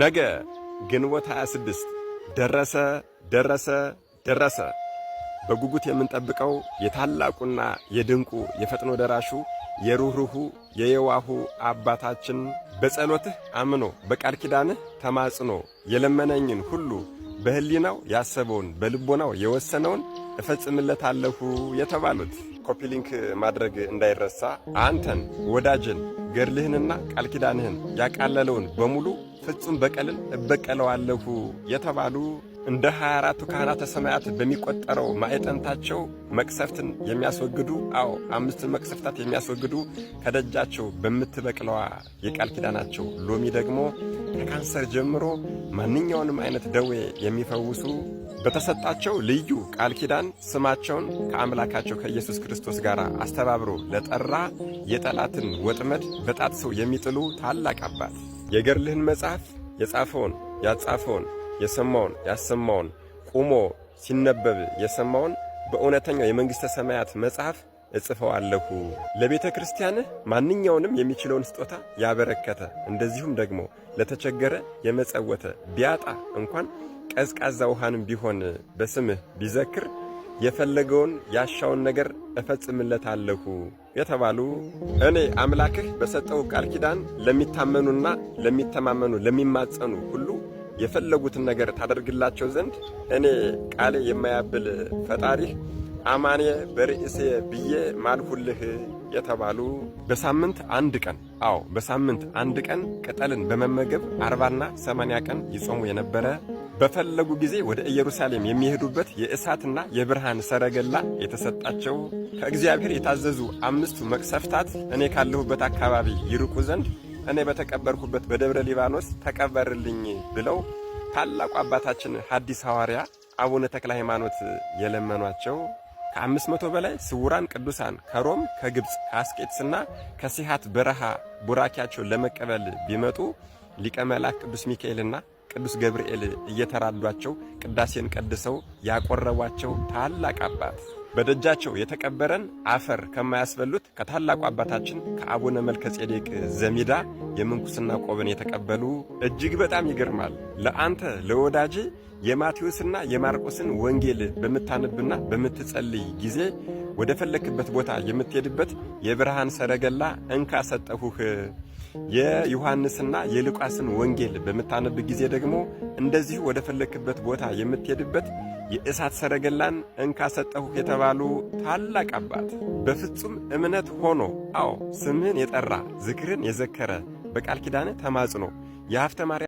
ነገ ግንቦት 26 ደረሰ ደረሰ ደረሰ። በጉጉት የምንጠብቀው የታላቁና የድንቁ የፈጥኖ ደራሹ የሩህሩሁ የየዋሁ አባታችን በጸሎትህ አምኖ በቃል ኪዳንህ ተማጽኖ የለመነኝን ሁሉ በህሊናው ያሰበውን በልቦናው የወሰነውን እፈጽምለታለሁ የተባሉት ኮፒሊንክ ማድረግ እንዳይረሳ አንተን ወዳጅን ገድልህንና ቃል ኪዳንህን ያቃለለውን በሙሉ ፍጹም በቀልን እበቀለዋለሁ የተባሉ እንደ 24ቱ ካህናተ ሰማያት በሚቆጠረው ማዕጠንታቸው መቅሰፍትን የሚያስወግዱ አዎ አምስትን መቅሰፍታት የሚያስወግዱ ከደጃቸው በምትበቅለዋ የቃል ኪዳናቸው ሎሚ ደግሞ ከካንሰር ጀምሮ ማንኛውንም አይነት ደዌ የሚፈውሱ በተሰጣቸው ልዩ ቃል ኪዳን ስማቸውን ከአምላካቸው ከኢየሱስ ክርስቶስ ጋር አስተባብሮ ለጠራ የጠላትን ወጥመድ በጣት ሰው የሚጥሉ ታላቅ አባት የገርልህን መጽሐፍ የጻፈውን ያጻፈውን የሰማውን ያሰማውን ቁሞ ሲነበብ የሰማውን በእውነተኛው የመንግሥተ ሰማያት መጽሐፍ እጽፈዋለሁ። ለቤተ ክርስቲያንህ ማንኛውንም የሚችለውን ስጦታ ያበረከተ እንደዚሁም ደግሞ ለተቸገረ የመጸወተ ቢያጣ እንኳን ቀዝቃዛ ውሃንም ቢሆን በስምህ ቢዘክር የፈለገውን ያሻውን ነገር እፈጽምለታለሁ የተባሉ እኔ አምላክህ በሰጠው ቃል ኪዳን ለሚታመኑና ለሚተማመኑ ለሚማጸኑ ሁሉ የፈለጉትን ነገር ታደርግላቸው ዘንድ እኔ ቃሌ የማያብል ፈጣሪህ አማኔ በርእሴ ብዬ ማልሁልህ የተባሉ በሳምንት አንድ ቀን አዎ በሳምንት አንድ ቀን ቅጠልን በመመገብ አርባና ሰማንያ ቀን ይጾሙ የነበረ በፈለጉ ጊዜ ወደ ኢየሩሳሌም የሚሄዱበት የእሳትና የብርሃን ሰረገላ የተሰጣቸው ከእግዚአብሔር የታዘዙ አምስቱ መቅሰፍታት እኔ ካለሁበት አካባቢ ይርቁ ዘንድ እኔ በተቀበርኩበት በደብረ ሊባኖስ ተቀበርልኝ ብለው ታላቁ አባታችን ሐዲስ ሐዋርያ አቡነ ተክለ ሃይማኖት የለመኗቸው ከአምስት መቶ በላይ ስውራን ቅዱሳን ከሮም ከግብፅ ከአስቄጥስና ከሲሃት በረሃ ቡራኪያቸው ለመቀበል ቢመጡ ሊቀ መልአክ ቅዱስ ሚካኤልና ቅዱስ ገብርኤል እየተራዷቸው ቅዳሴን ቀድሰው ያቆረቧቸው ታላቅ አባት በደጃቸው የተቀበረን አፈር ከማያስበሉት ከታላቁ አባታችን ከአቡነ መልከ ጼዴቅ ዘሚዳ የምንኩስና ቆብን የተቀበሉ እጅግ በጣም ይገርማል። ለአንተ ለወዳጄ የማቴዎስና የማርቆስን ወንጌል በምታነብና በምትጸልይ ጊዜ ወደ ፈለክበት ቦታ የምትሄድበት የብርሃን ሰረገላ እንካ ሰጠሁህ። የዮሐንስና የሉቃስን ወንጌል በምታነብ ጊዜ ደግሞ እንደዚሁ ወደ ፈለክበት ቦታ የምትሄድበት የእሳት ሰረገላን እንካ ሰጠሁህ የተባሉ ታላቅ አባት በፍጹም እምነት ሆኖ አዎ ስምህን የጠራ ዝክርን የዘከረ በቃል ኪዳነ ተማጽኖ የሀብተ ማርያም